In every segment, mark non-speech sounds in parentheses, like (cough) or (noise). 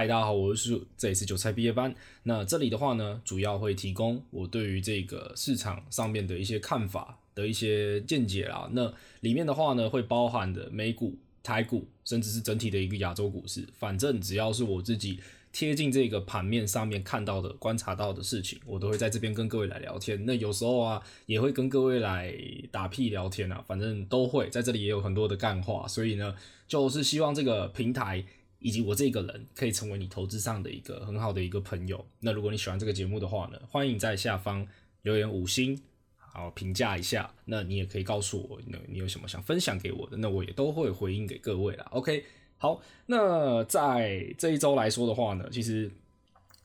嗨，大家好，我是叔，這裡是韭菜畢業班。那這裡的話呢，主要會提供我對於這個市場上面的一些看法的一些見解啊。那裡面的話呢，會包含的美股、台股，甚至是整體的一個亞洲股市。反正只要是我自己貼近這個盤面上面看到的、觀察到的事情，我都會在這邊跟各位來聊天。那有時候啊，也會跟各位來打屁聊天啊，反正都會在這裡也有很多的幹話。所以呢，就是希望這個平台。以及我這個人可以成為你投資上的一個很好的一個朋友。那如果你喜歡這個節目的話呢，歡迎在下方留言五星好評價一下。那你也可以告訴我，那你有什麼想分享給我的，那我也都會回應給各位啦。OK，好，那在這一周來說的話呢，其實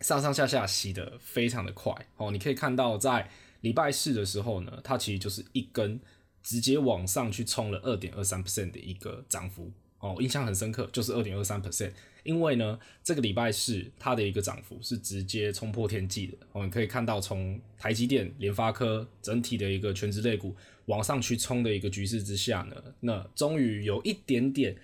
上上下下洗得非常的快哦。你可以看到，在禮拜四的時候呢，它其實就是一根直接往上去衝了二點二三 percent 的一個漲幅。哦，印象很深刻，就是二點二三 percent。因為呢，這個禮拜四它的一個漲幅是直接衝破天際的。我、哦、們可以看到，從台積電、聯發科整體的一個權值類股往上去衝的一個局勢之下呢，那終於有一點點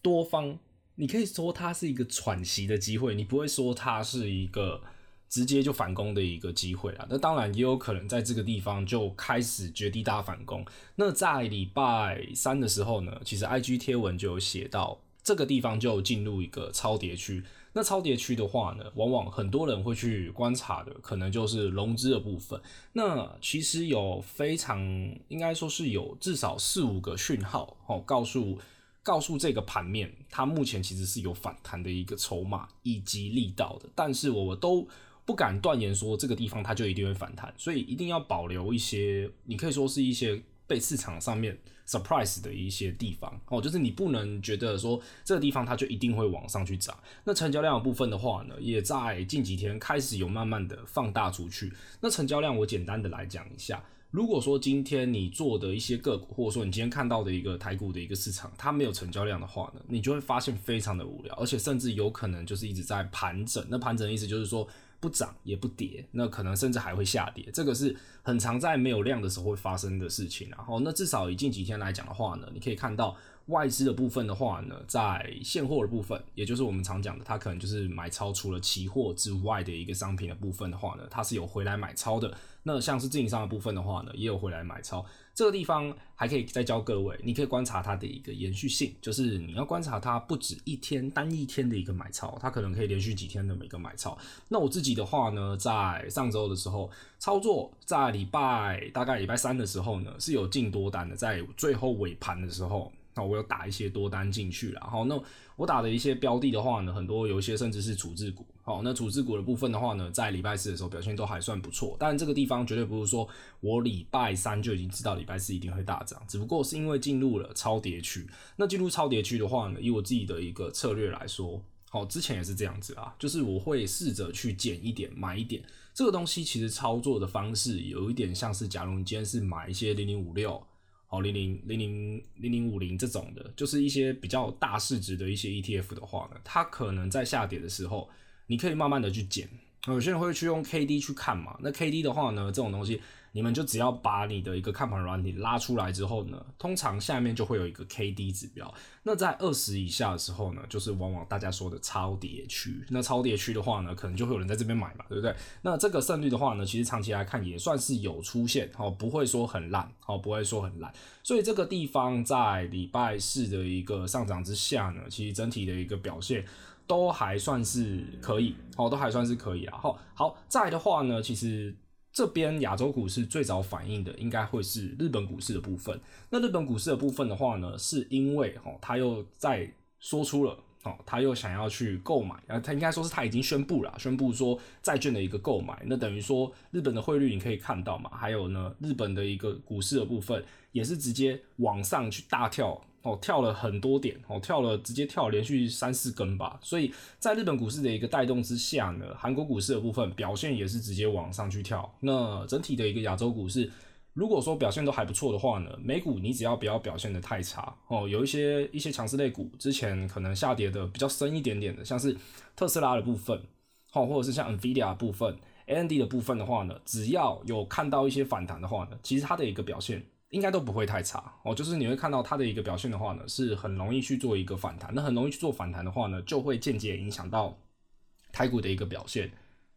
多方，你可以說它是一個喘息的機會，你不會說它是一個。直接就反攻的一個機會啊，那當然也有可能在這個地方就開始絕地大反攻。那在禮拜三的時候呢，其實 IG 貼文就有寫到這個地方就進入一個超跌區。那超跌區的話呢，往往很多人會去觀察的，可能就是融資的部分。那其實有非常應該說是有至少四五個訊號哦，告訴告訴這個盤面，它目前其實是有反彈的一個籌碼以及力道的，但是我們都不敢斷言說這個地方它就一定會反彈，所以一定要保留一些，你可以說是一些被市場上面 surprise 的一些地方哦，就是你不能覺得說這個地方它就一定會往上去漲。那成交量的部分的話呢，也在近幾天開始有慢慢的放大出去。那成交量我簡單的來講一下，如果說今天你做的一些個股，或者說你今天看到的一個台股的一個市場，它沒有成交量的話呢，你就會發現非常的無聊，而且甚至有可能就是一直在盤整。那盤整的意思就是說。不漲也不跌，那可能甚至還會下跌，這個是很常在沒有量的時候會發生的事情。然後，那至少以近幾天來講的話呢，你可以看到。外資的部分的話呢，在現貨的部分，也就是我們常講的，它可能就是買超除了期貨之外的一個商品的部分的話呢，它是有回來買超的。那像是自營商的部分的話呢，也有回來買超。這個地方還可以再教各位，你可以觀察它的一個延續性，就是你要觀察它不止一天單一天的一個買超，它可能可以連續幾天的每個買超。那我自己的話呢，在上周的時候操作在禮，在禮拜大概禮拜三的時候呢，是有進多單的，在最後尾盤的時候。好，我有打一些多單進去了，好，那我打的一些標的的話呢，很多有一些甚至是處置股，好，那處置股的部分的話呢，在禮拜四的時候表現都還算不錯，但這個地方絕對不是說我禮拜三就已經知道禮拜四一定會大漲，只不過是因為進入了超跌區，那進入超跌區的話呢，以我自己的一個策略來說，好，之前也是這樣子啊，就是我會試着去減一點，買一點，這個東西其實操作的方式有一點像是假如你今天是買一些零零五六。好，零零零零零零五零這種的，就是一些比較大市值的一些 ETF 的話呢，它可能在下跌的時候，你可以慢慢的去減。有些人會去用 KD 去看嘛，那 KD 的話呢，這種東西。你們就只要把你的一個看盤軟體拉出來之後呢，通常下面就會有一個 KD 指標。那在二十以下的時候呢，就是往往大家說的超跌區。那超跌區的話呢，可能就會有人在這邊買嘛，對不對？那這個勝率的話呢，其實長期來看也算是有出現，哦，不會說很爛，哦，不會說很爛。所以這個地方在禮拜四的一個上漲之下呢，其實整體的一個表現都還算是可以，哦，都還算是可以啊。好，再來的話呢，其實。這邊亞洲股市最早反應的，應該會是日本股市的部分。那日本股市的部分的話呢，是因為哦，他又在說出了哦，他又想要去購買啊，他應該說是他已經宣布了，宣布說債券的一個購買。那等於說日本的匯率你可以看到嘛，還有呢，日本的一個股市的部分也是直接往上去大跳。哦，跳了很多點，哦，跳了直接跳連續三四根吧，所以在日本股市的一個帶動之下呢，韓國股市的部分表現也是直接往上去跳。那整體的一個亞洲股市，如果說表現都還不錯的話呢，美股你只要不要表現的太差哦，有一些一些強勢類股之前可能下跌的比較深一點點的，像是特斯拉的部分，哦，或者是像 NVIDIA 的部分，AMD 的部分的話呢，只要有看到一些反彈的話呢，其實它的一個表現。應該都不會太差哦，就是你會看到他的一個表現的話呢，是很容易去做一個反彈。那很容易去做反彈的話呢，就會間接影響到台股的一個表現。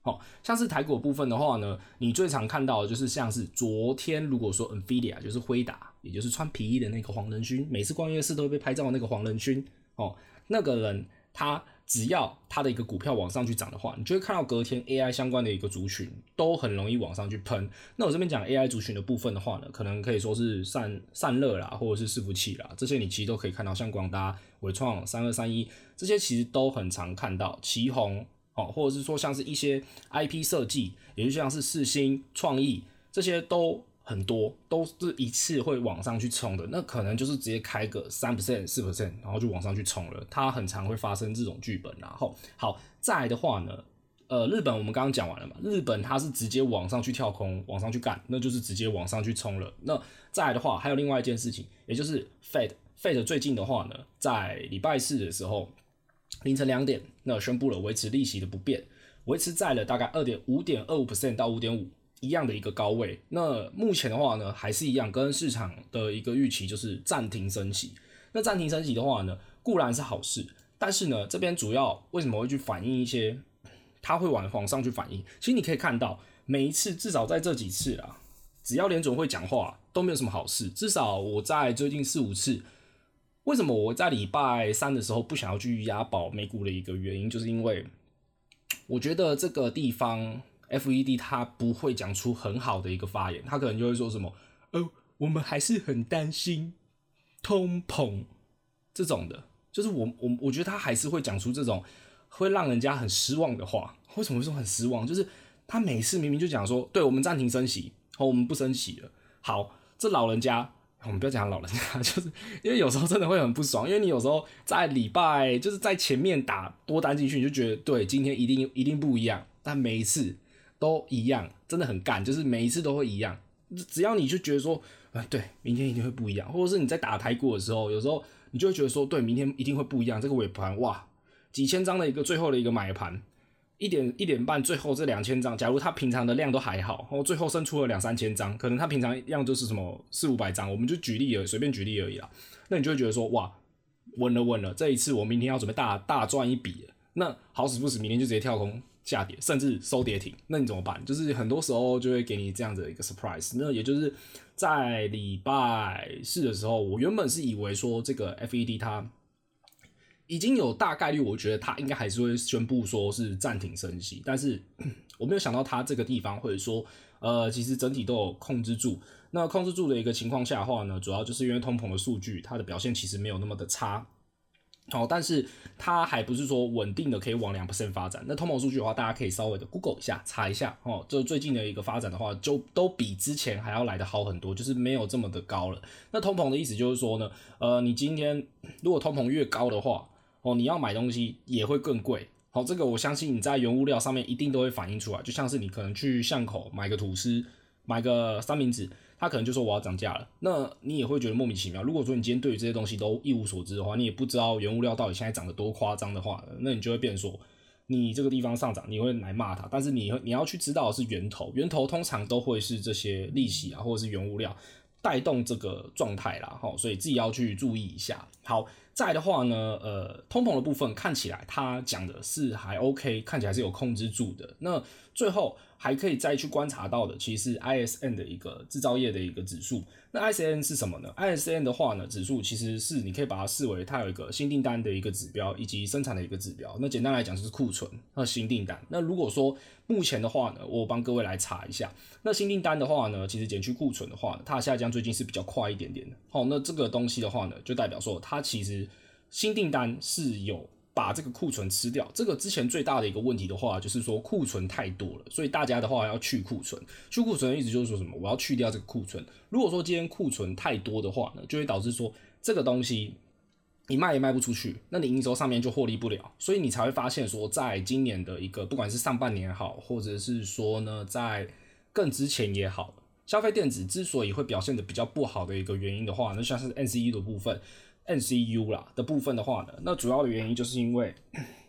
哦，像是台股部分的話呢，你最常看到的就是像是昨天如果說 NVIDIA 就是輝達，也就是穿皮衣的那個黃仁勳，每次逛夜市都會被拍照的那個黃仁勳哦，那個人他。只要它的一個股票往上去漲的話，你就會看到隔天 AI 相關的一個族群都很容易往上去噴。那我這邊講 AI 族群的部分的話呢，可能可以說是散散熱啦，或者是伺服器啦，這些你其實都可以看到，像廣達、緯創、三二三一這些其實都很常看到。奇鋐哦，或者是說像是一些 IP 設計，也就是像是世芯創意這些都。很多都是一次會往上去衝的，那可能就是直接開個三 percent、四 percent，然後就往上去衝了。它很常會發生這種劇本。然後好再來的話呢，呃，日本我們剛剛講完了嘛，日本它是直接往上去跳空，往上去幹，那就是直接往上去衝了。那再來的話，還有另外一件事情，也就是 Fed，Fed Fed 最近的話呢，在禮拜四的時候凌晨兩點，那宣布了維持利息的不變，維持在了大概二點五點二五 percent 到五點五。一樣的一個高位，那目前的話呢，還是一樣，跟市場的一個預期就是暫停升息。那暫停升息的話呢，固然是好事，但是呢，這邊主要為什麼會去反映一些，它會往往上去反映。其實你可以看到，每一次至少在這幾次啊，只要聯準會講話，都沒有什麼好事。至少我在最近四五次，為什麼我在禮拜三的時候不想要去押寶美股的一個原因，就是因為我覺得這個地方。FED 他不會講出很好的一個發言，他可能就會說什麼，呃，我們還是很擔心通膨這種的，就是我我我覺得他還是會講出這種會讓人家很失望的話。為什麼會說很失望？就是他每次明明就講說，對，我們暫停升息，好，我們不升息了。好，這老人家，我們不要講老人家，就是因為有時候真的會很不爽，因為你有時候在禮拜就是在前面打多單進去，你就覺得對，今天一定一定不一樣，但每一次。都一樣，真的很幹，就是每一次都會一樣。只要你就覺得說，唉，對，明天一定會不一樣，或者是你在打台股的時候，有時候你就會覺得說，對，明天一定會不一樣。這個尾盤哇，幾千張的一個最後的一個買盤，一點一點半最後這兩千張，假如它平常的量都還好，哦，最後剩出了兩三千張，可能它平常量就是什麼四五百張，我們就舉例而已，隨便舉例而已啦。那你就會覺得說，哇，穩了穩了，這一次我明天要準備大大賺一筆，那好死不死，明天就直接跳空下跌，甚至收跌停，那你怎麼辦？就是很多時候就會給你這樣子的一個 surprise。那也就是在禮拜四的時候，我原本是以為說這個 FED 它已經有大概率，我覺得它應該還是會宣布說是暫停升息，但是我沒有想到它這個地方會說，呃，其實整體都有控制住。那控制住的一個情況下的話呢，主要就是因為通膨的數據它的表現其實沒有那麼的差。好，但是它還不是說穩定的可以往兩 percent 發展。那通膨數據的話，大家可以稍微的 Google 一下，查一下。哦，這最近的一個發展的話，就都比之前還要來得好很多，就是沒有這麼的高了。那通膨的意思就是說呢，呃，你今天如果通膨越高的話，哦，你要買東西也會更貴。好，哦，這個我相信你在原物料上面一定都會反映出來，就像是你可能去巷口買個吐司，買個三明治。他可能就說我要漲價了，那你也會覺得莫名其妙。如果說你今天對於這些東西都一無所知的話，你也不知道原物料到底現在漲得多誇張的話，那你就會變成說你這個地方上漲，你會來罵他。但是你你要去知道的是源頭，源頭通常都會是這些利息啊，或者是原物料帶動這個狀態啦。好，所以自己要去注意一下。好，再的話呢，呃，通膨的部分看起來他講的是還 OK，看起來是有控制住的。那最後，還可以再去觀察到的，其實是 ISM 的一個製造業的一個指數。那 ISM 是什麼呢？ISM 的話呢，指數其實是你可以把它視為它有一個新訂單的一個指標，以及生產的一個指標。那簡單來講就是庫存和新訂單。那如果說目前的話呢，我幫各位來查一下。那新訂單的話呢，其實減去庫存的話呢，它下降最近是比較快一點點的。好、哦，那這個東西的話呢，就代表說它其實新訂單是有。把這個庫存吃掉，這個之前最大的一個問題的話，就是說庫存太多了，所以大家的話要去庫存。去庫存的意思就是說什麼？我要去掉這個庫存。如果說今天庫存太多的話呢，就會導致說這個東西你賣也賣不出去，那你營收上面就獲利不了，所以你才會發現說，在今年的一個不管是上半年也好，或者是說呢在更之前也好，消費電子之所以會表現的比較不好的一個原因的話，那像是 NCE 的部分。N C U 啦的部分的話呢，那主要的原因就是因為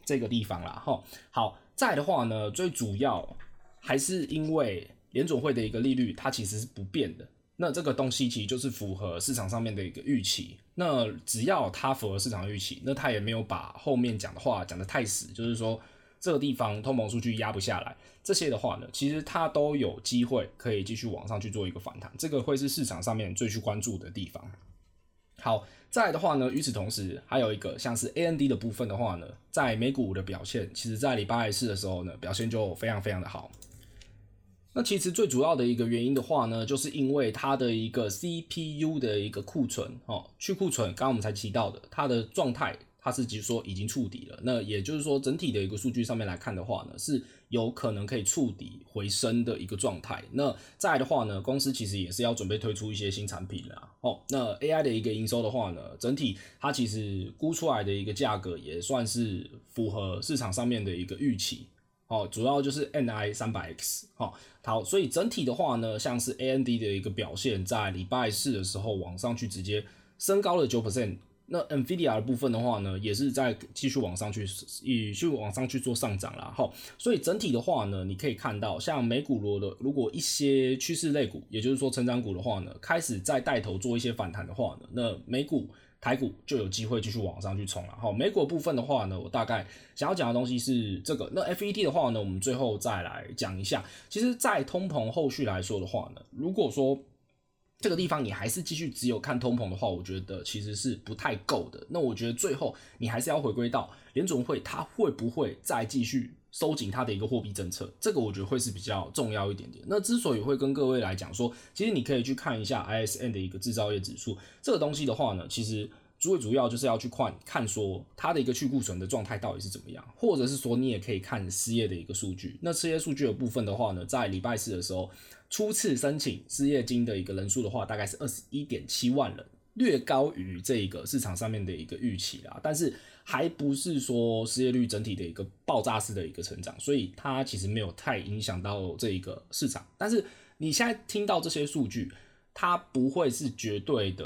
這個地方啦，吼，好在的話呢，最主要還是因為聯準會的一個利率，它其實是不變的。那這個東西其實就是符合市場上面的一個預期。那只要它符合市場預期，那它也沒有把後面講的話講得太死，就是說這個地方通膨數據壓不下來，這些的話呢，其實它都有機會可以繼續往上去做一個反彈。這個會是市場上面最去關注的地方。好，再來的話呢，與此同時，還有一個像是 AMD 的部分的話呢，在美股的表現，其實在禮拜四的時候呢，表現就非常非常的好。那其實最主要的一個原因的話呢，就是因為它的一個 CPU 的一個庫存哦，去庫存，剛剛我們才提到的，它的狀態它是就是說已經觸底了。那也就是說，整體的一個數據上面來看的話呢，是。有可能可以觸底回升的一個狀態。那再來的話呢，公司其實也是要準備推出一些新產品啦。哦，那 AI 的一個營收的話呢，整體它其實估出來的一個價格也算是符合市場上面的一個預期。哦，主要就是 MI 三百 X。哦。好，所以整體的話呢，像是 AMD 的一個表現，在禮拜四的時候往上去直接升高了九 percent。那 NVIDIA 的部分的話呢，也是在繼續往上去，以去往上去做上漲啦。好，所以整體的話呢，你可以看到，像美股羅的，如果一些趨勢類股，也就是說成長股的話呢，開始在帶頭做一些反彈的話呢，那美股、台股就有機會繼續往上去衝了。好，美股部分的話呢，我大概想要講的東西是這個。那 FET 的話呢，我們最後再來講一下。其實，在通膨後續來說的話呢，如果說這個地方你還是繼續只有看通膨的話，我覺得其實是不太夠的。那我覺得最後你還是要回歸到聯準會，他會不會再繼續收緊他的一個貨幣政策？這個我覺得會是比較重要一點點。那之所以會跟各位來講說，其實你可以去看一下 ISM 的一個製造業指數，這個東西的話呢，其實最主要就是要去看看說它的一個去庫存的狀態到底是怎麼樣，或者是說你也可以看失業的一個數據。那失業數據的部分的話呢，在禮拜四的時候。初次申請失業金的一個人數的話，大概是二十一點七萬人，略高於這個市場上面的一個預期啦。但是還不是說失業率整體的一個爆炸式的一個成長，所以它其實沒有太影響到這一個市場。但是你現在聽到這些數據，它不會是絕對的，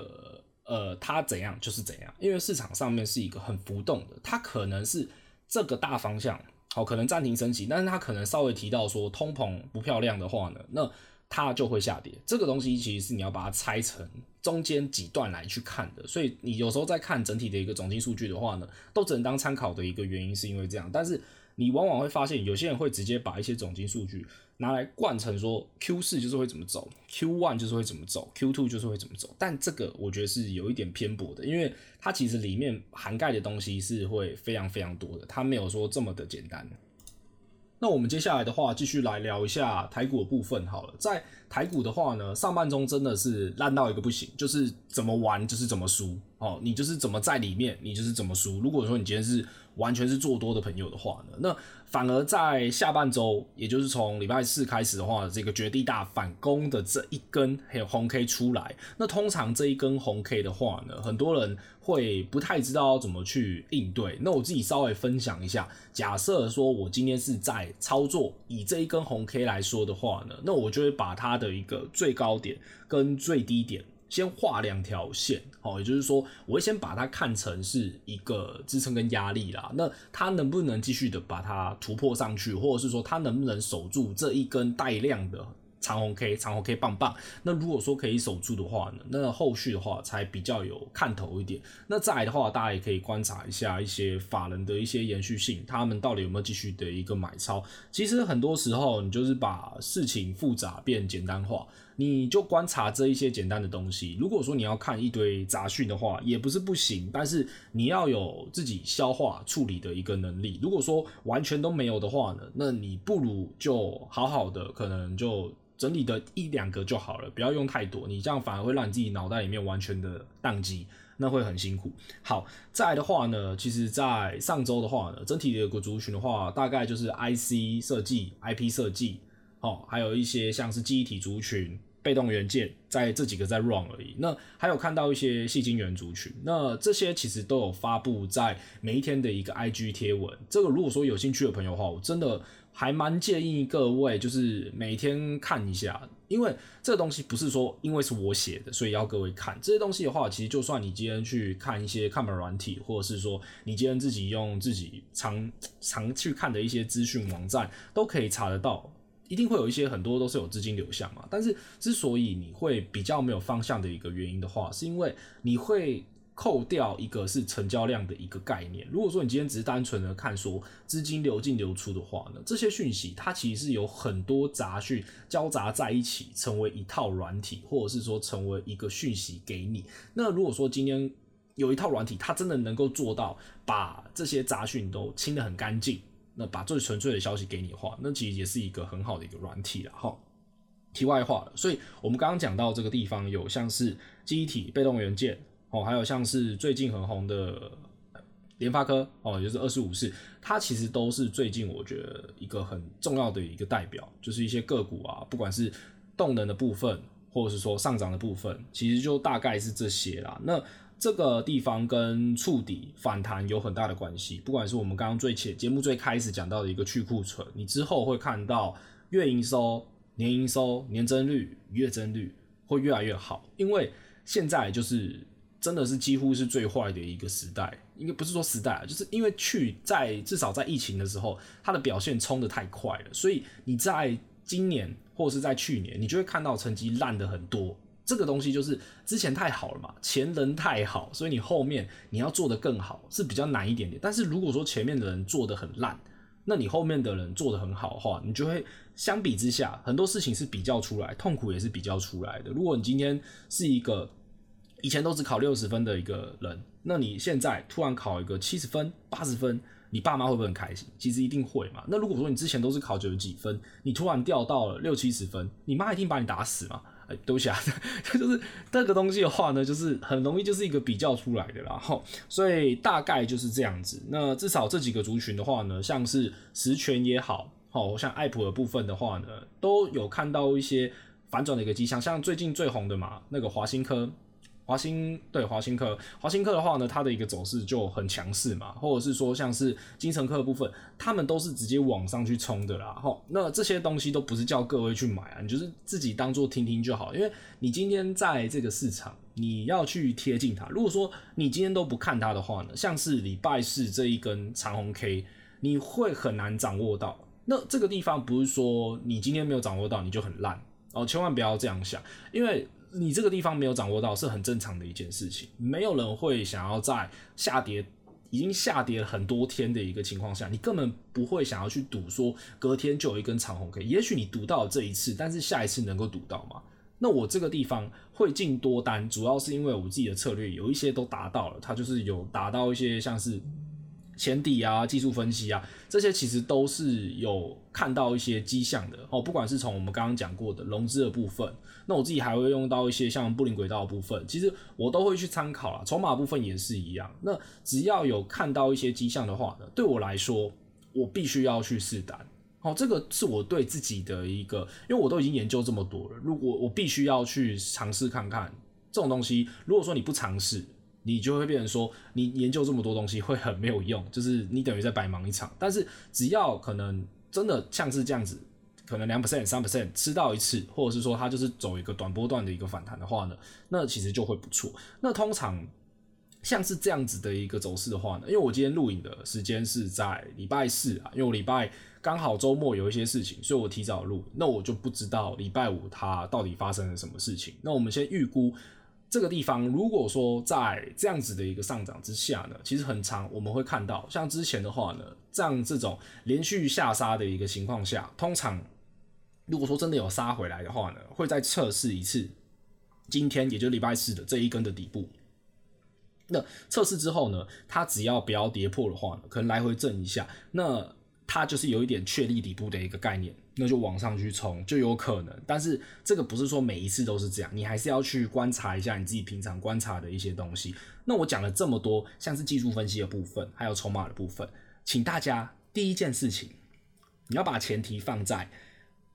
呃，它怎樣就是怎樣，因為市場上面是一個很浮動的，它可能是這個大方向，好，可能暫停升息，但是它可能稍微提到說通膨不漂亮的話呢，那。它就會下跌，這個東西其實是你要把它拆成中間幾段來去看的，所以你有時候在看整體的一個總經數據的話呢，都只能當參考的一個原因是因為這樣，但是你往往會發現有些人會直接把一些總經數據拿來灌成說 Q 四就是會怎麼走，Q one 就是會怎麼走，Q two 就是會怎麼走，但這個我覺得是有一點偏頗的，因為它其實裡面涵蓋的東西是會非常非常多的，它沒有說這麼的簡單。那我們接下來的話，繼續來聊一下台股的部分好了，在台股的話呢，上半周真的是爛到一個不行，就是怎麼玩就是怎麼輸哦，你就是怎麼在裡面，你就是怎麼輸。如果說你今天是完全是做多的朋友的話呢，那反而在下半周，也就是從禮拜四開始的話，這個絕地大反攻的這一根還有紅 K 出來，那通常這一根紅 K 的話呢，很多人會不太知道要怎麼去應對。那我自己稍微分享一下，假設說我今天是在操作以這一根紅 K 來說的話呢，那我就會把它的。的一個最高點跟最低點，先畫兩條線，好，也就是說，我會先把它看成是一個支撐跟壓力啦。那它能不能繼續的把它突破上去，或者是說它能不能守住這一根帶量的長紅 K，長紅 K 棒棒。那如果說可以守住的話呢，那後續的話才比較有看頭一點。那再來的話，大家也可以觀察一下一些法人的一些延續性，他們到底有沒有繼續的一個買超。其實很多時候，你就是把事情複雜變簡單化，你就觀察這一些簡單的東西。如果說你要看一堆雜訊的話，也不是不行，但是你要有自己消化處理的一個能力。如果說完全都沒有的話呢，那你不如就好好的，可能就。整理的一兩個就好了，不要用太多，你這樣反而會讓你自己腦袋裡面完全的宕機，那會很辛苦。好，再來的話呢，其實，在上週的話呢，整體的一個族群的話，大概就是 IC 設計、IP 設計，好、哦，還有一些像是記憶體族群、被動元件，在這幾個在 run 而已。那還有看到一些矽晶圓族群，那這些其實都有發佈在每一天的一個 IG 貼文。這個如果說有興趣的朋友的話，我真的。還蠻建議各位，就是每天看一下，因為這東西不是說因為是我寫的，所以要各位看這些東西的話，其實就算你今天去看一些看板軟體，或者是說你今天自己用自己常常去看的一些資訊網站，都可以查得到，一定會有一些很多都是有資金流向嘛。但是之所以你會比較沒有方向的一個原因的話，是因為你會。扣掉一個是成交量的一個概念。如果說你今天只是單純的看說資金流進流出的話呢，這些訊息它其實是有很多雜訊交雜在一起，成為一套軟體，或者是說成為一個訊息給你。那如果說今天有一套軟體，它真的能夠做到把這些雜訊都清得很乾淨，那把最純粹的消息給你的話，那其實也是一個很好的一個軟體了。好，題外話，所以我們剛剛講到這個地方，有像是記憶體、被動元件。哦，還有像是最近很紅的聯發科哦，也就是二十五四，它其實都是最近我覺得一個很重要的一個代表，就是一些個股啊，不管是動能的部分，或者是說上漲的部分，其實就大概是這些啦。那這個地方跟觸底反彈有很大的關係，不管是我們剛剛最前節目最開始講到的一個去庫存，你之後會看到月營收、年營收、年增率、月增率會越來越好，因為現在就是。真的是幾乎是最壞的一個時代，應該不是說時代，就是因為去在至少在疫情的時候，它的表現衝得太快了，所以你在今年或者是在去年，你就會看到成績爛得很多。這個東西就是之前太好了嘛，前人太好，所以你後面你要做得更好是比較難一點點。但是如果說前面的人做得很爛，那你後面的人做得很好的話，你就會相比之下很多事情是比較出來，痛苦也是比較出來的。如果你今天是一個。以前都只考六十分的一個人，那你現在突然考一個七十分、八十分，你爸媽會不會很開心？其實一定會嘛。那如果說你之前都是考九十幾分，你突然掉到了六七十分，你媽一定把你打死嘛？哎，都想、啊、就是這個東西的話呢，就是很容易就是一個比較出來的啦。哦，所以大概就是這樣子。那至少這幾個族群的話呢，像是實權也好，好，像愛普的部分的話呢，都有看到一些反轉的一個跡象，像最近最紅的嘛，那個華新科。華新對華新科，華新科的話呢，它的一個走勢就很強勢嘛，或者是說像是精成科的部分，他們都是直接往上去衝的啦。齁，那這些東西都不是叫各位去買啊，你就是自己當做聽聽就好。因為你今天在這個市場，你要去貼近它。如果說你今天都不看它的話呢，像是禮拜四這一根長紅 K，你會很難掌握到。那這個地方不是說你今天沒有掌握到你就很爛哦，千萬不要這樣想，因為。你這個地方沒有掌握到是很正常的一件事情，沒有人會想要在下跌已經下跌了很多天的一個情況下，你根本不會想要去賭說隔天就有一根長紅 K。也許你賭到了這一次，但是下一次能夠賭到嗎？那我這個地方會進多單，主要是因為我自己的策略有一些都達到了，它就是有達到一些像是。前底啊，技術分析啊，這些其實都是有看到一些跡象的哦。不管是從我們剛剛講過的融資的部分，那我自己還會用到一些像布林軌道的部分，其實我都會去參考啦。籌碼部分也是一樣。那只要有看到一些跡象的話呢，對我來說，我必須要去試單。好，哦，這個是我對自己的一個，因為我都已經研究這麼多了，如果我必須要去嘗試看看這種東西，如果說你不嘗試，你就會變成說，你研究這麼多東西會很沒有用，就是你等於在白忙一場。但是只要可能真的像是這樣子，可能兩 percent、三 percent 吃到一次，或者是說它就是走一個短波段的一個反彈的話呢，那其實就會不錯。那通常像是這樣子的一個走勢的話呢，因為我今天錄影的時間是在禮拜四啊，因為我禮拜剛好周末有一些事情，所以我提早錄，那我就不知道禮拜五它到底發生了什麼事情。那我們先預估。這個地方，如果說在這樣子的一個上漲之下呢，其實很常我們會看到，像之前的話呢，這樣這種連續下殺的一個情況下，通常如果說真的有殺回來的話呢，會再測試一次今天，也就是禮拜四的這一根的底部。那測試之後呢，它只要不要跌破的話呢，可能來回震一下，那它就是有一點確立底部的一個概念。那就往上去衝，就有可能。但是這個不是說每一次都是這樣，你還是要去觀察一下你自己平常觀察的一些東西。那我講了這麼多，像是技術分析的部分，還有籌碼的部分，請大家第一件事情，你要把前提放在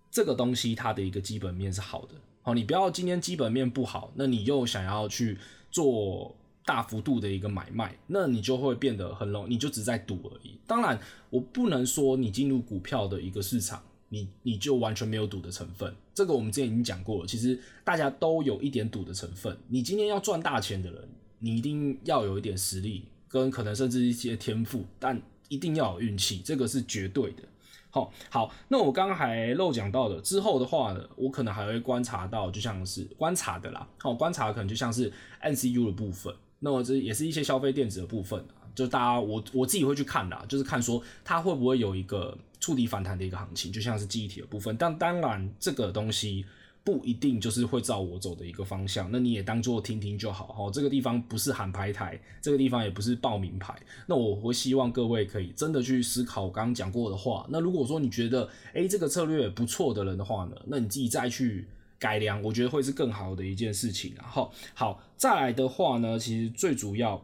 這個東西它的一個基本面是好的。好，你不要今天基本面不好，那你又想要去做大幅度的一個買賣，那你就會變得很 low，你就只在賭而已。當然，我不能說你進入股票的一個市場。你你就完全沒有賭的成分，這個我們之前已經講過了。其實大家都有一點賭的成分。你今天要賺大錢的人，你一定要有一點實力跟，可能甚至一些天賦，但一定要有運氣，這個是絕對的。好，好，那我剛剛還漏講到的之後的話呢，我可能還會觀察到，就像是觀察的啦。好，觀察的可能就像是 MCU 的部分，那麼這也是一些消費電子的部分。就大家，我我自己會去看啦，就是看說它會不會有一個觸底反彈的一個行情，就像是記憶體的部分。但當然，這個東西不一定就是會照我走的一個方向。那你也當做聽聽就好哈。這個地方不是喊牌台，這個地方也不是報名牌。那我會希望各位可以真的去思考我剛剛講過的話。那如果說你覺得哎這個策略不錯的人的話呢，那你自己再去改良，我覺得會是更好的一件事情。啊。好，好，再來的話呢，其實最主要。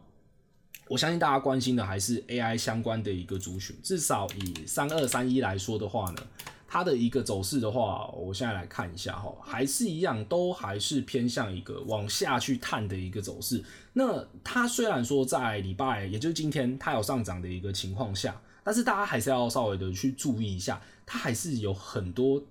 我相信大家關心的還是 AI 相關的一個族群。至少以三二三一來說的話呢，它的一個走勢的話，我現在來看一下哈，還是一樣，都還是偏向一個往下去探的一個走勢。那它雖然說在禮拜，也就是今天，它有上漲的一個情況下，但是大家還是要稍微的去注意一下，它還是有很多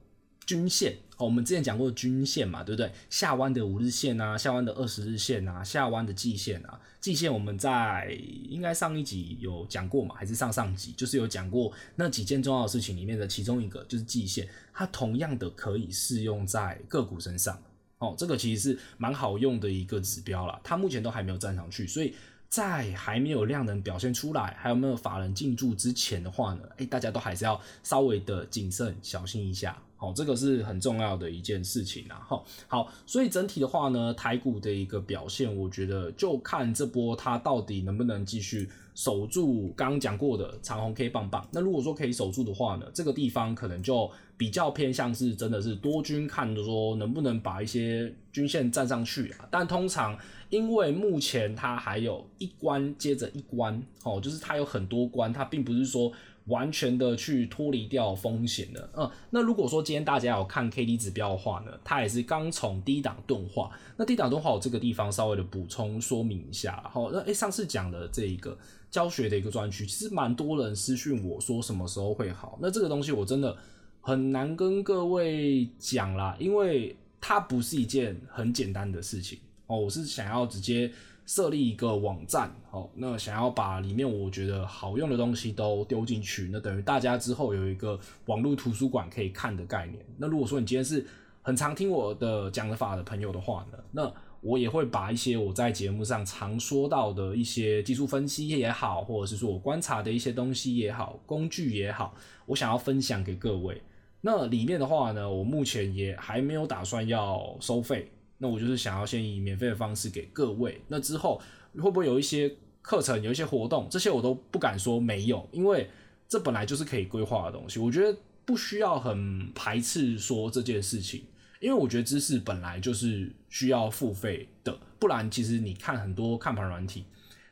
均線。哦，我們之前講過均線嘛，對不對？下彎的五日線啊，下彎的二十日線啊，下彎的季線啊，季線我們在應該上一集有講過嘛，還是上上集，就是有講過那幾件重要的事情裡面的其中一個就是季線，它同樣的可以適用在個股身上。哦，這個其實是蠻好用的一個指標啦，它目前都還沒有站上去，所以。在還沒有量能表現出來，還有沒有法人進駐之前的話呢、欸？大家都還是要稍微的謹慎小心一下，好、哦，這個是很重要的一件事情啊。好、哦，好，所以整體的話呢，台股的一個表現，我覺得就看這波它到底能不能繼續守住剛講過的長紅 K 棒棒。那如果說可以守住的話呢，這個地方可能就比較偏向是真的是多軍看的說，能不能把一些均線站上去啊？但通常。因為目前它還有一關接着一關，哦，就是它有很多關，它並不是說完全的去脫離掉風險的。嗯，那如果說今天大家有看 KD 指標的話呢，它也是剛從低檔鈍化。那低檔鈍化我這個地方稍微的補充說明一下，好，那哎上次講的這一個教學的一個專區，其實蠻多人私訊我說什麼時候會好。那這個東西我真的很難跟各位講啦，因為它不是一件很簡單的事情。哦，我是想要直接設立一個網站，哦，那想要把裡面我覺得好用的東西都丟進去，那等於大家之後有一個網絡圖書館可以看的概念。那如果說你今天是很常聽我的講法的朋友的話呢，那我也會把一些我在節目上常說到的一些技術分析也好，或者是說我觀察的一些東西也好，工具也好，我想要分享給各位。那裡面的話呢，我目前也還沒有打算要收費。那我就是想要先以免費的方式給各位，那之後會不會有一些課程、有一些活動，這些我都不敢說沒有，因為這本來就是可以規劃的東西。我覺得不需要很排斥說這件事情，因為我覺得知識本來就是需要付費的，不然其實你看很多看盤軟體。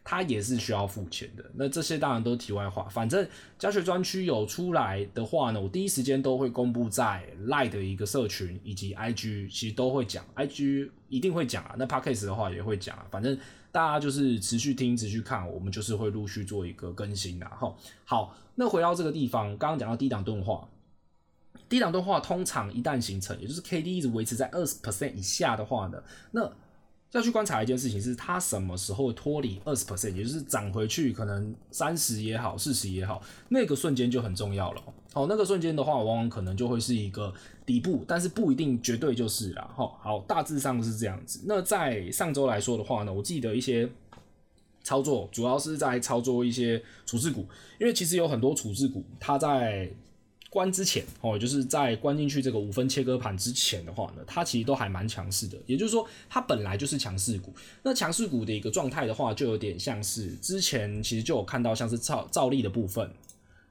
他也是需要付錢的。那這些當然都是題外話，反正教學專區有出來的話呢，我第一時間都會公布在 Line 的一個社群以及 IG，其實都會講，IG 一定會講啊。那 Podcast 的話也會講啊。反正大家就是持續聽、持續看，我們就是會陸續做一個更新的，啊。好，好，那回到這個地方，剛剛講到低檔鈍化，低檔鈍化通常一旦形成，也就是 KD 一直維持在二十 percent 以下的話呢，那要去觀察一件事情是它什麼時候脫離二十 percent，也就是漲回去可能三十也好，四十也好，那個瞬間就很重要了。好、哦，那個瞬間的話，往往可能就會是一個底部，但是不一定絕對就是啦。好、哦，好，大致上是這樣子。那在上周來說的話呢，我記得一些操作，主要是在操作一些處置股，因為其實有很多處置股，它在。關之前哦，就是在關進去這個五分切割盤之前的話呢，它其實都還蠻強勢的。也就是說，它本來就是強勢股。那強勢股的一個狀態的話，就有點像是之前其實就有看到像是造造力的部分，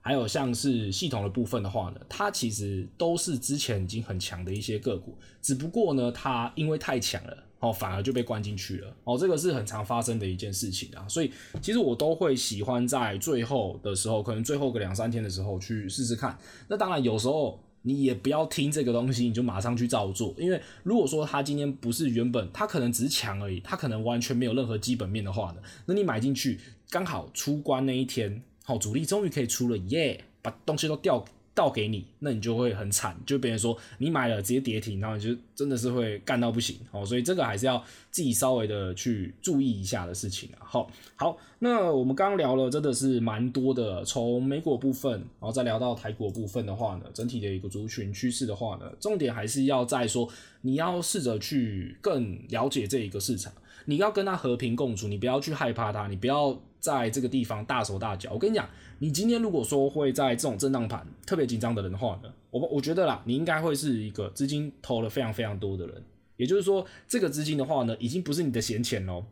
還有像是系統的部分的話呢，它其實都是之前已經很強的一些個股，只不過呢，它因為太強了。哦，反而就被關進去了。哦，這個是很常發生的一件事情啊。所以其實我都會喜歡在最後的時候，可能最後個兩三天的時候去試試看。那當然，有時候你也不要聽這個東西，你就馬上去照做。因為如果說他今天不是原本，他可能只是強而已，他可能完全沒有任何基本面的話呢，那你買進去剛好出關那一天，好，主力終於可以出了，耶！把東西都掉。倒給你，那你就會很慘，就別人說你買了直接跌停，然後你就真的是會幹到不行哦。所以這個還是要自己稍微的去注意一下的事情啊。好，好，那我們剛剛聊了真的是蠻多的，從美股部分，然後再聊到台股部分的話呢，整體的一個族群趨勢的話呢，重點還是要在說你要試着去更了解這一個市場。你要跟他和平共處，你不要去害怕他，你不要在這個地方大手大腳。我跟你講，你今天如果說會在這種震盪盤特別緊張的人的話呢，我我覺得啦，你應該會是一個資金投了非常非常多的人，也就是說，這個資金的話呢，已經不是你的閒錢嘍。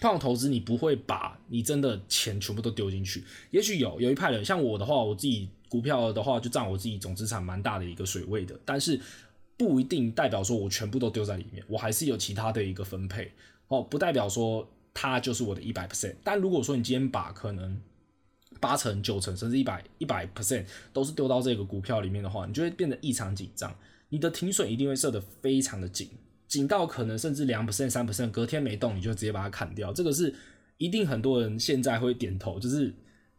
套投資你不會把你真的錢全部都丟進去，也許有有一派人像我的話，我自己股票的話就佔我自己總資產蠻大的一個水位的，但是不一定代表說我全部都丟在裡面，我還是有其他的一個分配。哦，不代表說它就是我的一百 percent。但如果說你今天把可能八成、九成，甚至一百一百 percent 都是丟到這個股票裡面的話，你就會變得異常緊張，你的停損一定會設得非常的緊，緊到可能甚至兩 percent、三 percent，隔天沒動你就直接把它砍掉，這個是一定很多人現在會點頭，就是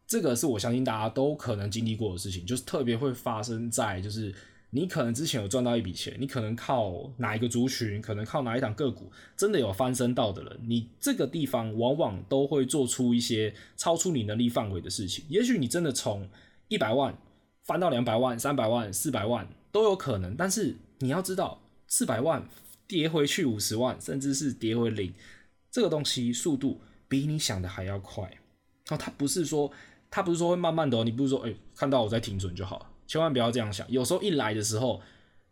這個是我相信大家都可能經歷過的事情，就是特別會發生在就是。你可能之前有賺到一筆錢，你可能靠哪一個族群，可能靠哪一檔個股，真的有翻身到的人，你這個地方往往都會做出一些超出你能力範圍的事情。也許你真的從一百萬翻到兩百萬、三百萬、四百萬都有可能，但是你要知道，四百萬跌回去五十萬，甚至是跌回零，這個東西速度比你想的還要快。哦，它不是說它不是說會慢慢的、哦，你不是說哎、欸、看到我在停准就好。千萬不要這樣想，有時候一來的時候，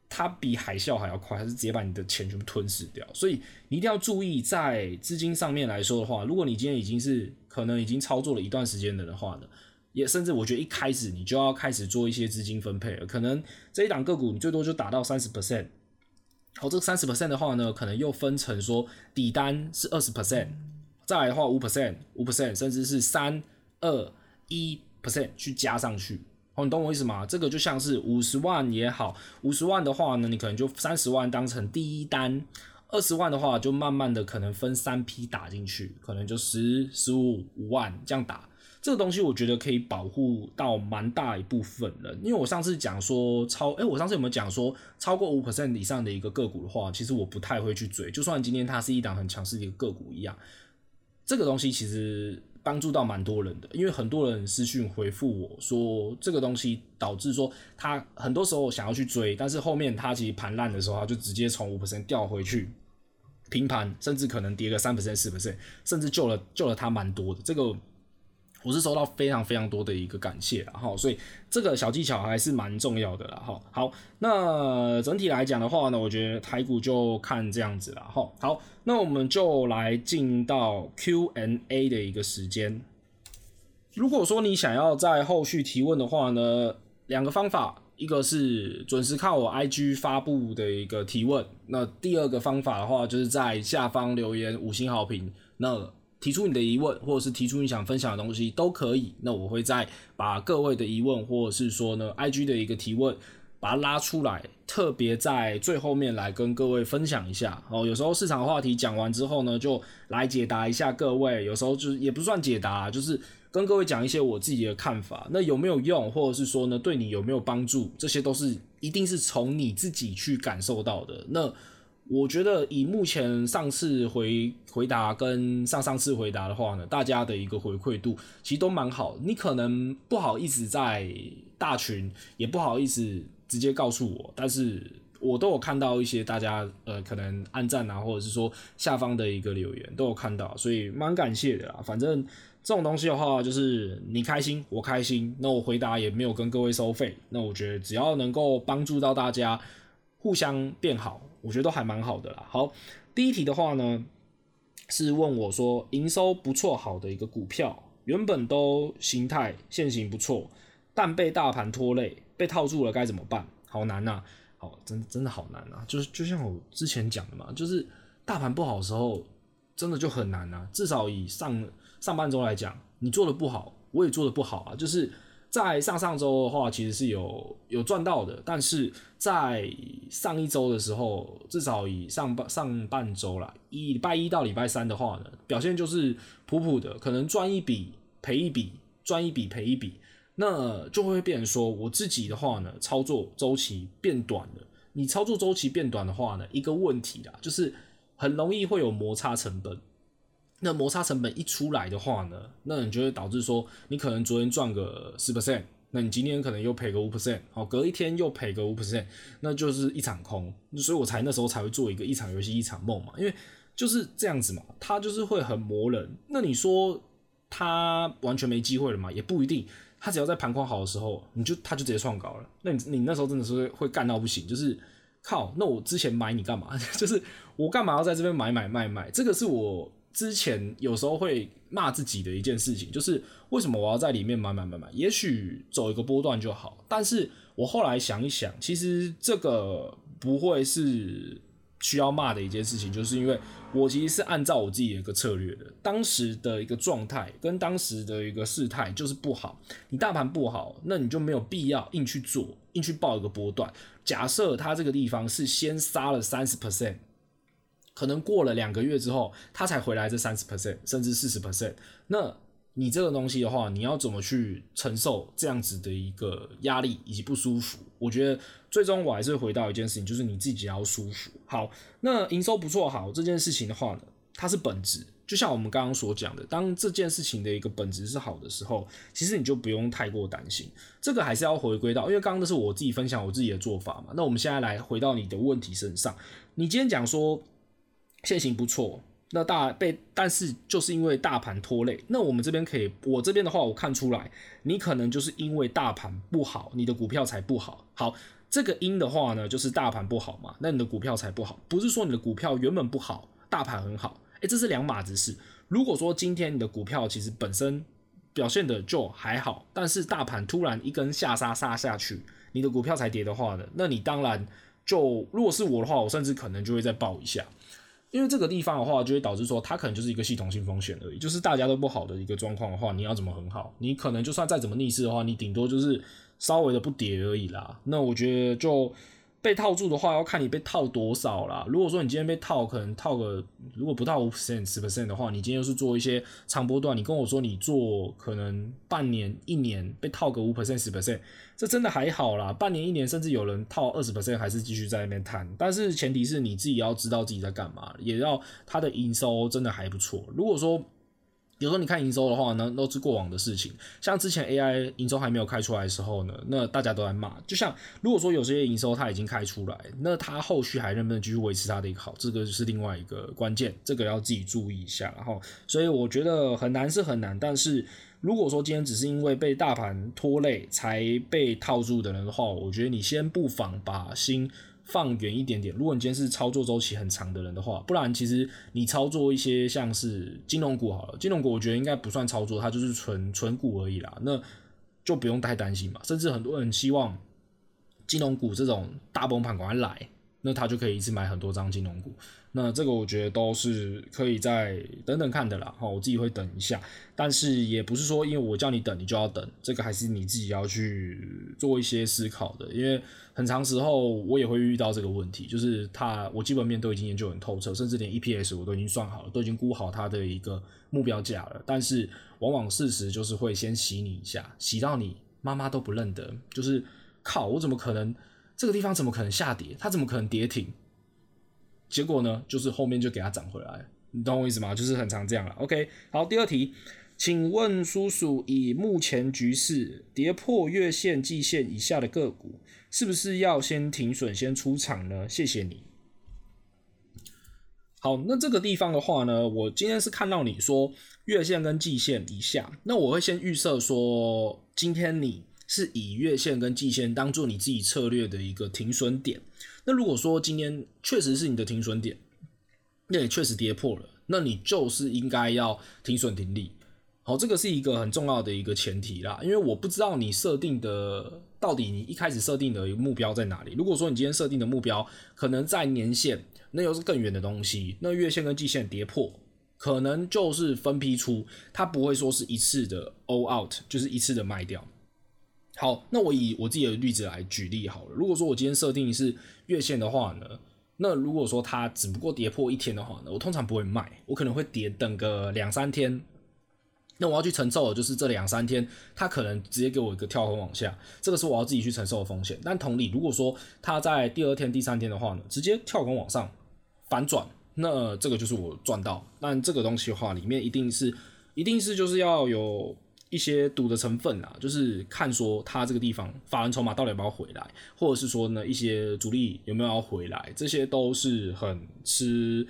它比海嘯還要快，它是直接把你的錢全部吞噬掉。所以你一定要注意，在資金上面來說的話，如果你今天已經是可能已經操作了一段時間了的話呢，也甚至我覺得一開始你就要開始做一些資金分配了。可能這一檔個股你最多就打到三十 percent，然後這三十 percent 的話呢，可能又分成說底單是二十 percent，再來的話五 percent，五 percent，甚至是三二一 percent 去加上去。哦、你懂我意思嗎？這個就像是五十萬也好，五十萬的話呢，你可能就三十萬當成第一單，二十萬的話就慢慢的可能分三批打進去，可能就十十五五萬這樣打。這個東西我覺得可以保護到蠻大一部分了。因為我上次講說超，哎、欸，我上次有沒有講說超過五 percent 以上的一個個股的話，其實我不太會去追。就算今天它是一檔很強勢的一個個股一樣，這個東西其實。幫助到蠻多人的，因為很多人私訊回復我說，這個東西導致說他很多時候我想要去追，但是後面他其實盤爛的時候，他就直接從五 percent 掉回去平盤，甚至可能跌個三 percent 四 percent，甚至救了救了他蠻多的這個。我是收到非常非常多的一個感謝，然後所以這個小技巧還是蠻重要的了哈。好，那整體來講的話呢，我覺得台股就看這樣子了哈。好，那我們就來進到 Q&A 的一個時間。如果說你想要在後續提問的話呢，兩個方法，一個是準時看我 IG 發布的一個提問，那第二個方法的話，就是在下方留言五星好評。那提出你的疑問，或者是提出你想分享的東西都可以。那我會再把各位的疑問，或者是說呢，IG 的一個提問，把它拉出來，特別在最後面來跟各位分享一下。哦，有時候市場話題講完之後呢，就來解答一下各位。有時候就是也不算解答，就是跟各位講一些我自己的看法。那有沒有用，或者是說呢，對你有沒有幫助，這些都是一定是從你自己去感受到的。那我覺得以目前上次回回答，跟上上次回答的話呢，大家的一個回饋度其實都蠻好。你可能不好意思在大群，也不好意思直接告訴我，但是我都有看到一些大家呃可能按讚啊，或者是說下方的一個留言都有看到，所以蠻感謝的啦。反正這種東西的話，就是你開心我開心，那我回答也沒有跟各位收費，那我覺得只要能夠幫助到大家，互相變好。我覺得都還蠻好的啦。好，第一題的話呢，是問我說營收不錯、好的一個股票，原本都形態、線型不錯，但被大盤拖累、被套住了，該怎麼辦？好難吶！好，真的真的好難吶！就是就像我之前講的嘛，就是大盤不好的時候，真的就很難吶。至少以上上半周來講，你做的不好，我也做的不好啊，就是。在上上周的話，其實是有有賺到的，但是在上一周的時候，至少以上半上半周啦，一禮拜一到禮拜三的話呢，表現就是普普的，可能賺一筆賠一筆，賺一筆賠一筆，那就會變成說我自己的話呢，操作周期變短了。你操作周期變短的話呢，一個問題啦，就是很容易會有摩擦成本。那摩擦成本一出來的話呢，那你就會導致說，你可能昨天賺個十 percent，那你今天可能又賠個五 percent，好，隔一天又賠個五 percent，那就是一場空。所以我才那時候才會做一個一場遊戲一場夢嘛，因為就是這樣子嘛，他就是會很磨人。那你說他完全沒機會了嘛？也不一定，他只要在盤況好的時候，你就他就直接創高了。那你你那時候真的是會幹到不行，就是靠。那我之前買你幹嘛？ (laughs) 就是我幹嘛要在這邊買買賣賣？這個是我。之前有時候會罵自己的一件事情，就是為什麼我要在裡面買買買買？也許走一個波段就好。但是我後來想一想，其實這個不會是需要罵的一件事情，就是因為我其實是按照我自己的一個策略的。當時的一個狀態跟當時的一個事態就是不好，你大盤不好，那你就沒有必要硬去做，硬去抱一個波段。假設它這個地方是先殺了三十 percent。可能過了兩個月之後，他才回來，這三十 percent，甚至四十 percent。那你這個東西的話，你要怎麼去承受這樣子的一個壓力以及不舒服？我覺得最終我還是會回到一件事情，就是你自己要舒服。好，那營收不錯，好，這件事情的話呢，它是本質。就像我們剛剛所講的，當這件事情的一個本質是好的時候，其實你就不用太過擔心。這個還是要回歸到，因為剛剛是我自己分享我自己的做法嘛。那我們現在來回到你的問題身上，你今天講說。線型不錯，那大被，但是就是因為大盤拖累，那我們這邊可以，我這邊的話我看出來，你可能就是因為大盤不好，你的股票才不好。好，這個因的話呢，就是大盤不好嘛，那你的股票才不好，不是說你的股票原本不好，大盤很好，哎、欸，這是兩碼子事。如果說今天你的股票其實本身表現的就還好，但是大盤突然一根下殺殺下去，你的股票才跌的話呢，那你當然就，如果是我的話，我甚至可能就會再爆一下。因為這個地方的話，就會導致說，它可能就是一個系統性風險而已，就是大家都不好的一個狀況的話，你要怎麼很好？你可能就算再怎麼逆勢的話，你頂多就是稍微的不跌而已啦。那我覺得就。被套住的話，要看你被套多少啦。如果說你今天被套，可能套個，如果不到五 percent 十 percent 的話，你今天又是做一些長波段。你跟我說你做可能半年一年被套個五 percent 十 percent，這真的還好啦。半年一年，甚至有人套二十 percent，還是繼續在那邊談。但是前提是你自己要知道自己在幹嘛，也要他的營收真的還不錯。如果說比如說，你看營收的話呢，都是過往的事情。像之前 AI 營收還沒有開出來的時候呢，那大家都在罵。就像如果說有些營收它已經開出來，那它後續還能不能繼續維持它的一個好，這個就是另外一個關鍵，這個要自己注意一下。然後，所以我覺得很難是很難，但是如果說今天只是因為被大盤拖累才被套住的人的話，我覺得你先不妨把心。放遠一點點，如果你今天是操作週期很長的人的話，不然其實你操作一些像是金融股好了，金融股我覺得應該不算操作，它就是存股而已啦，那就不用太擔心嘛。甚至很多人很希望金融股這種大崩盤趕快來，那他就可以一次買很多張金融股。那這個我覺得都是可以再等等看的啦，我自己會等一下，但是也不是說因為我叫你等你就要等，這個還是你自己要去做一些思考的，因為很長時候我也會遇到這個問題，就是它，我基本面都已經研究很透徹，甚至連 EPS 我都已經算好了，都已經估好它的一個目標價了，但是往往事實就是會先洗你一下，洗到你媽媽都不認得，就是靠，我怎麼可能，這個地方怎麼可能下跌，它怎麼可能跌停？結果呢，就是後面就給它漲回來，你懂我意思嗎？就是很常這樣了。OK，好，第二題，請問叔叔，以目前局勢跌破月線、季線以下的個股，是不是要先停損、先出場呢？謝謝你。好，那這個地方的話呢，我今天是看到你說月線跟季線以下，那我會先預設說，今天你。是以月線跟季線當做你自己策略的一個停損點。那如果說今天確實是你的停損點，那也確實跌破了，那你就是應該要停損停利。好，這個是一個很重要的一個前提啦，因為我不知道你設定的到底你一開始設定的一個目標在哪裡。如果說你今天設定的目標可能在年線，那又是更遠的東西，那月線跟季線跌破，可能就是分批出，它不會說是一次的 all out，就是一次的賣掉。好，那我以我自己的例子來舉例好了。如果說我今天設定是月線的話呢，那如果說它只不過跌破一天的話呢，我通常不會賣，我可能會跌等個兩三天。那我要去承受的就是這兩三天，它可能直接給我一個跳空往下，這個是我要自己去承受的風險。但同理，如果說它在第二天、第三天的話呢，直接跳空往上反轉，那這個就是我賺到。但這個東西的話，裡面一定是、一定是就是要有。一些賭的成分啊，就是看說它這個地方法人籌碼到底有沒有回來，或者是說呢一些主力有沒有要回來，這些都是很吃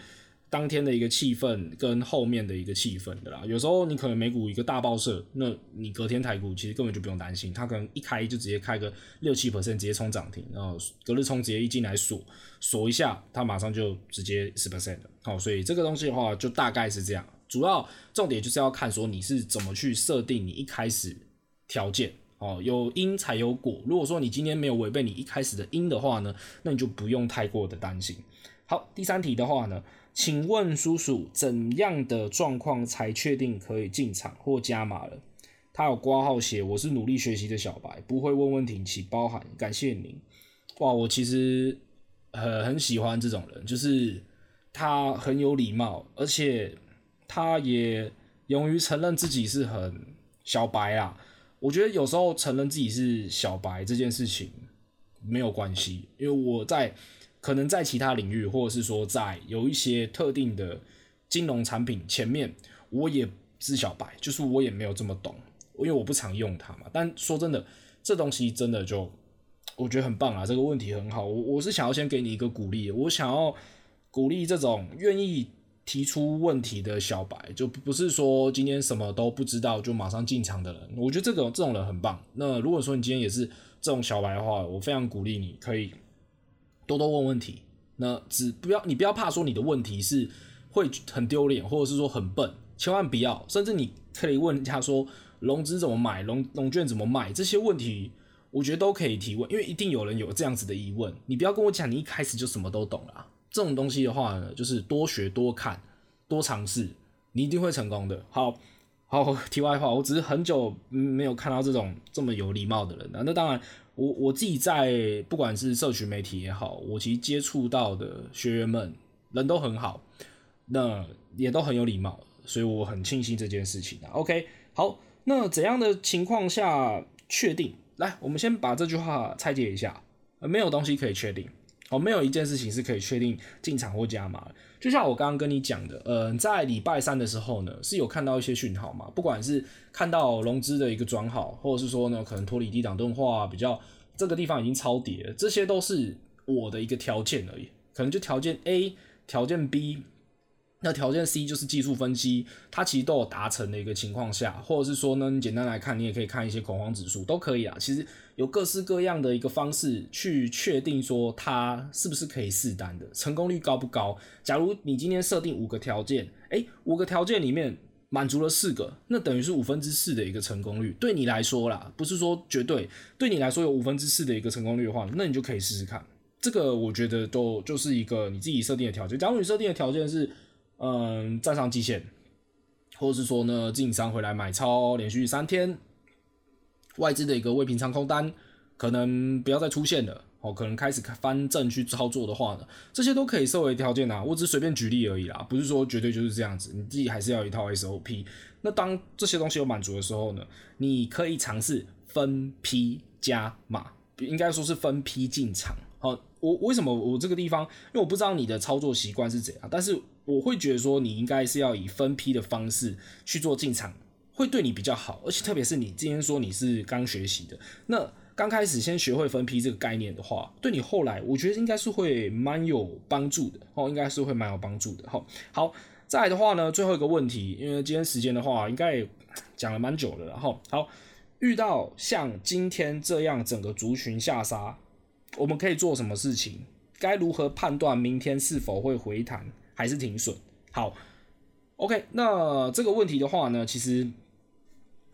當天的一個氣氛跟後面的一個氣氛的啦。有時候你可能美股一個大爆射，那你隔天台股其實根本就不用擔心，它可能一開就直接開個六七 percent 直接衝漲停，然後隔日沖直接一進來鎖鎖一下，它馬上就直接十 percent 了。好，所以這個東西的話，就大概是這樣。主要重點就是要看說你是怎麼去設定你一開始條件哦，有因才有果。如果說你今天沒有違背你一開始的因的話呢，那你就不用太過的擔心。好，第三題的話呢，請問叔叔怎樣的狀況才確定可以進場或加碼了？他有掛號寫，我是努力學習的小白，不會問問題，請包涵感謝您。哇，我其實很很喜歡這種人，就是他很有禮貌，而且。他也勇於承認自己是很小白啊，我覺得有時候承認自己是小白這件事情沒有關係，因為我在可能在其他領域，或者是說在有一些特定的金融產品前面，我也是小白，就是我也沒有這麼懂，因為我不常用它嘛。但說真的，這東西真的就我覺得很棒啊，這個問題很好，我我是想要先給你一個鼓勵，我想要鼓勵這種願意。提出問題的小白，就不是說今天什麼都不知道就馬上進場的人。我覺得這種這種人很棒。那如果說你今天也是這種小白的話，我非常鼓勵你可以多多問問題。那只不要你不要怕說你的問題是會很丟臉，或者是說很笨，千萬不要。甚至你可以問一下說，融資怎麼買，融券怎麼賣，這些問題，我覺得都可以提問，因為一定有人有這樣子的疑問。你不要跟我講你一開始就什麼都懂了啊。這種東西的話呢，就是多學多看多嘗試，你一定會成功的。好好，題外話，我只是很久沒有看到這種這麼有禮貌的人啊。那當然我，我我自己在不管是社群媒體也好，我其實接觸到的學員們人都很好，那也都很有禮貌，所以我很慶幸這件事情啊。OK，好，那怎樣的情況下確定？來，我們先把這句話拆解一下，呃，沒有東西可以確定。哦，沒有一件事情是可以確定進場或加碼的。就像我剛剛跟你講的，嗯、呃，在禮拜三的時候呢，是有看到一些訊號嘛，不管是看到融資的一個轉好，或者是說呢，可能脫離低檔鈍化，比較，這個地方已經超跌了，這些都是我的一個條件而已，可能就條件 A、條件 B。那條件 C 就是技術分析，它其實都有達成的一個情況下，或者是說呢，你簡單來看，你也可以看一些恐慌指數都可以啊。其實有各式各樣的一個方式去確定說它是不是可以試單的，成功率高不高？假如你今天設定五個條件，誒、欸，五個條件裡面滿足了四個，那等於是五分之四的一個成功率，對你來說啦，不是說絕對，對你來說有五分之四的一個成功率的話，那你就可以試試看。這個我覺得都就是一個你自己設定的條件，假如你設定的條件是。嗯，站上季線，或者是說呢，自營商回來買超連續三天，外資的一個未平倉空單可能不要再出現了，哦，可能開始翻正去操作的話呢，這些都可以視為條件啊，我只隨便舉例而已啦，不是說絕對就是這樣子，你自己還是要一套 SOP。那當這些東西有滿足的時候呢，你可以嘗試分批加碼，應該說是分批進場。好，我為什麼我這個地方，因為我不知道你的操作習慣是怎樣，但是。我會覺得說，你應該是要以分批的方式去做進場，會對你比較好。而且，特別是你今天說你是剛學習的，那剛開始先學會分批這個概念的話，對你後來，我覺得應該是會蠻有幫助的哦，應該是會蠻有幫助的。好，好，再來的話呢，最後一個問題，因為今天時間的話，應該也講了蠻久了。然後，好，遇到像今天這樣整個族群下殺，我們可以做什麼事情？該如何判斷明天是否會回彈？還是挺損。好，OK，那這個問題的話呢，其實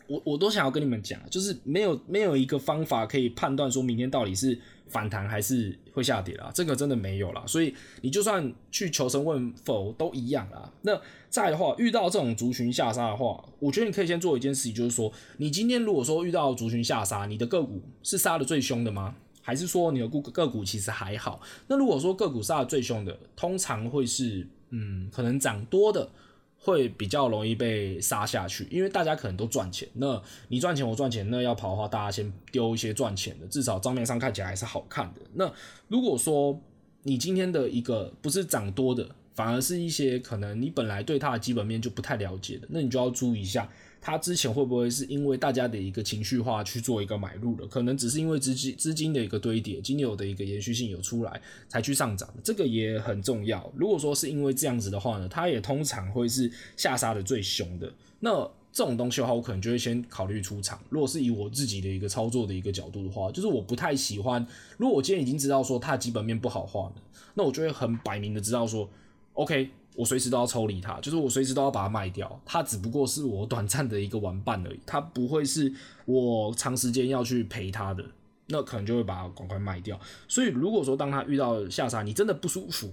我我都想要跟你們講，就是沒有沒有一個方法可以判斷說明天到底是反彈還是會下跌啦，這個真的沒有啦，所以你就算去求神問佛都一樣啦，那再的話，遇到這種族群下殺的話，我覺得你可以先做一件事情，就是說你今天如果說遇到族群下殺，你的個股是殺得最兇的嗎？還是說你的股個股其實還好。那如果說個股殺的最兇的，通常會是，嗯，可能漲多的會比較容易被殺下去，因為大家可能都賺錢。那你賺錢，我賺錢，那要跑的話，大家先丟一些賺錢的，至少賬面上看起來還是好看的。那如果說你今天的一個不是漲多的，反而是一些可能你本來對它的基本面就不太了解的，那你就要注意一下。他之前會不會是因為大家的一個情緒化去做一個買入的？可能只是因為資金資金的一個堆疊，資金有的一個延續性有出來才去上漲。這個也很重要。如果說是因為這樣子的話呢，它也通常會是下殺的最凶的。那這種東西的話，我可能就會先考慮出場。如果是以我自己的一個操作的一個角度的話，就是我不太喜歡。如果我今天已經知道說它基本面不好的話呢，那我就會很擺明的知道說，OK。我隨時都要抽離它，就是我隨時都要把它賣掉。它只不過是我短暫的一個玩伴而已，它不會是我長時間要去陪它的。那可能就會把它趕快賣掉。所以，如果說當它遇到下殺，你真的不舒服，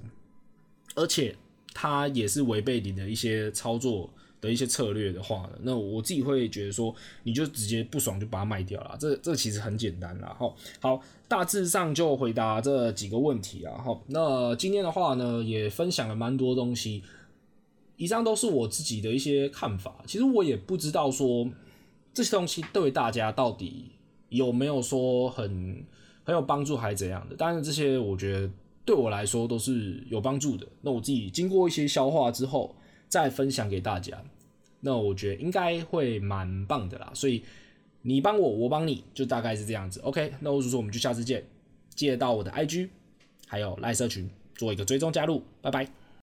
而且它也是違背你的一些操作，的一些策略的話呢，那我自己會覺得說，你就直接不爽就把它賣掉啦，這這其實很簡單啦。好，好，大致上就回答這幾個問題啊。好，那今天的話呢，也分享了蠻多東西。以上都是我自己的一些看法，其實我也不知道說這些東西對大家到底有沒有說很很有幫助還是怎樣的。但是這些我覺得對我來說都是有幫助的。那我自己經過一些消化之後。再分享給大家，那我覺得應該會蠻棒的啦，所以你幫我，我幫你就大概是這樣子。OK，那我是說我們就下次見，記得到我的 IG 還有 Line 社群做一個追蹤加入，拜拜。